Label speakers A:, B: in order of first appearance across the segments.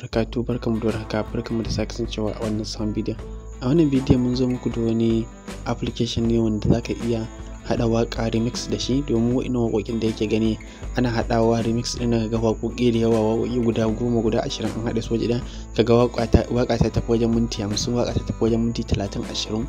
A: barkatu barkamu da warhaka barkamu da sake kasancewa a wannan sabon bidiyon a wannan bidiyon mun zo muku da wani application ne wanda zaka iya haɗa waƙa remix da shi domin wa'in waƙoƙin da yake gani ana haɗawa remix ɗin ga waƙoƙi da yawa waƙoƙi guda goma guda ashirin an haɗa su waje ɗaya kaga waƙa ta tafi wajen minti hamsin waƙa ta tafi wajen minti talatin ashirin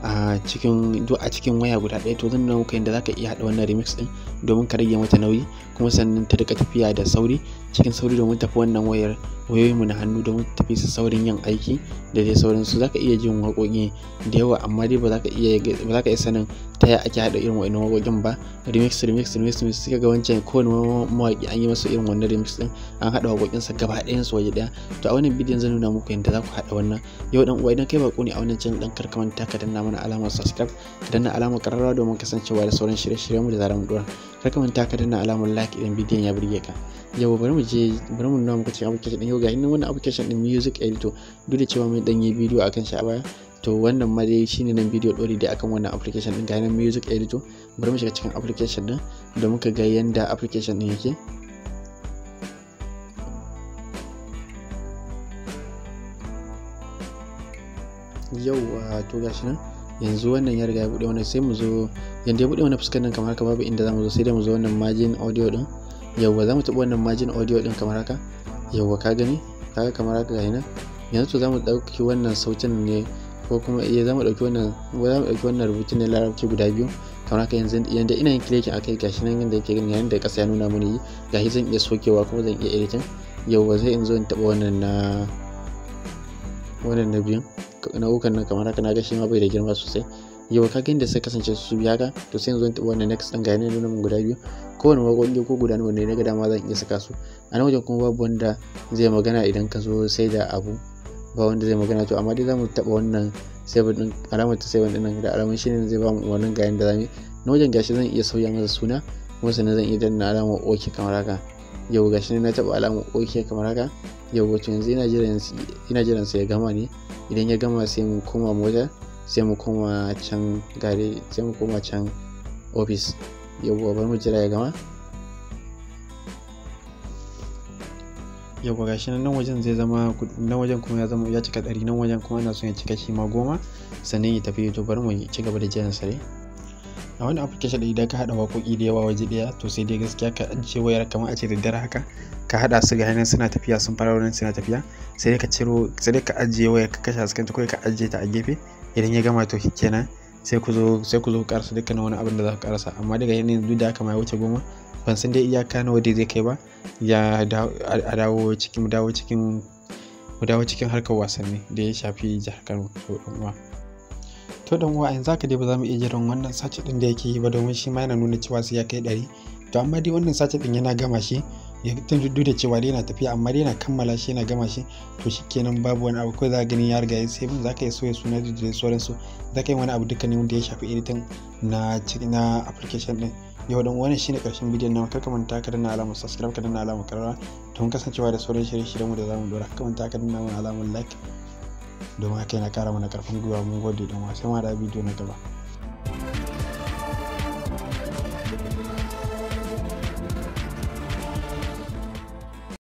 A: a cikin duk a cikin waya guda ɗaya to zan nuna muka yadda zaka iya haɗa wannan remix ɗin domin ka rage mata nauyi kuma sannan ta rika tafiya da sauri cikin sauri domin tafi wannan wayar wayoyinmu na hannu domin tafi su saurin yin aiki da dai sauransu zaka iya jin waƙoƙi da yawa amma dai ba za ka iya ba iya sanin ta ya ake haɗa irin wannan waƙoƙin ba remix remix remix remix suka ga wancan kowane mawaƙi an yi masa irin wannan remix ɗin an haɗa sa gaba ɗayan su waje ɗaya to a wannan bidiyon zan nuna muku yadda zaku haɗa wannan yau dan uwa idan kai baƙo ne a wannan channel ɗan kar ka manta ka danna mana alamar subscribe ka danna alamar kararrawa domin kasancewa da sauran shirye-shiryen mu da zaran mu dora kar ka manta ka danna alamar like idan bidiyon ya burge ka yau bari mu je bari mu nuna muku cikin application din yau ga inda wannan application din music editor duk da cewa mun dan yi bidiyo akan shi a baya to wannan ma dai shine nan bidiyo ɗori da akan wannan application din ga nan music editor bari mu shiga cikin application din da muka ga yanda application din yake yau to gashi nan yanzu wannan ya riga ya bude wannan sai mu zo yanda ya bude wannan fuskar nan kamar haka babu inda za mu zo sai dai mu zo wannan margin audio din yawwa za mu taɓa wannan margin audio din kamar haka yawwa ka gani kaga kamar haka ga nan yanzu to za mu ɗauki wannan sautin ne ko kuma iya eh, za mu ɗauki wannan za mu wannan rubutun ne larabci guda biyu kamar haka yanzu yanda ina yin clicking akai gashi nan yanda yake gani yayin da ƙasa ya nuna mini gashi zan iya sokewa kuma zan iya editing yawwa zai in zo in taɓa wannan na wannan na biyun nau'ukan nan kamar haka na ga shi ma bai da girma sosai yau ka ga inda suka kasance su biya ka to sai yanzu wani wannan next ɗin ga yanayin nuna mun guda biyu kowane waƙoƙi ko guda nawa ne na ga dama zan iya saka su a nan wajen kuma babu wanda zai magana idan ka zo sai da abu ba wanda zai magana to amma dai za mu taɓa wannan seven din alamar ta seven ɗin da alamar shi ne zai ba mu wannan ga yanda za na wajen gashi zan iya sauya masa suna kuma sannan zan iya danna alamar ok kamar haka yau gashi ne na taɓa alamar ok kamar haka yau wato yanzu ina jiran sa ya gama ne idan ya gama sai mu koma mota sai mu koma can gare sai mu koma can ofis yawwa bar mu jira ya gama yawwa gashi nan wajen zai zama nan wajen kuma ya zama ya cika ɗari nan wajen kuma ana son ya cika shi ma goma sannan ya tafi to bari mu ci gaba da jiran sare a wani application idan ka hada waƙoƙi da yawa waje ɗaya to sai dai gaskiya ka ajiye wayar kamar a ce da dare haka ka haɗa su ga hanyar suna tafiya sun fara wurin suna tafiya sai dai ka ciro sai dai ka ajiye wayar ka kashe ta kawai ka ajiye ta a gefe idan ya gama to kenan sai ku zo sai ku zo karasa dukkanin wani abin da za ku karasa amma daga yanayin duk da haka ma ya wuce goma ban san dai iyaka nawa dai zai kai ba ya a dawo cikin dawo cikin mu dawo cikin harkar wasanni da ya shafi jihar Kano uwa to dan uwa yanzu haka dai ba za mu iya jiran wannan sace din da yake yi ba domin shi ma yana nuna cewa sai ya kai ɗari to amma dai wannan sace din yana gama shi ya duk da cewa dai yana tafiya amma dai yana kammala shi yana gama shi to shi kenan babu wani abu ko za ka gani ya riga ya sai za ka yi so ya suna da sauransu za ka yi wani abu dukkanin wanda ya shafi editing na na application din yau dan wannan shine karshen bidiyon na kar ka manta ka danna alamar subscribe ka danna alamar karara don kasancewa da sauran shirye-shiryen mu da zamu dora ka manta ka danna alamar like domin haka yana kara mana karfin gwiwa mun gode dan wa sai mu haɗa bidiyo na gaba